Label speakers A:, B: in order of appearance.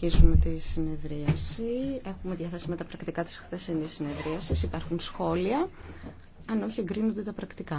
A: Αρχίζουμε τη συνεδρίαση. Έχουμε διαθέσιμα τα πρακτικά της χθεσινής συνεδρίασης. Υπάρχουν σχόλια. Αν όχι, εγκρίνονται τα πρακτικά.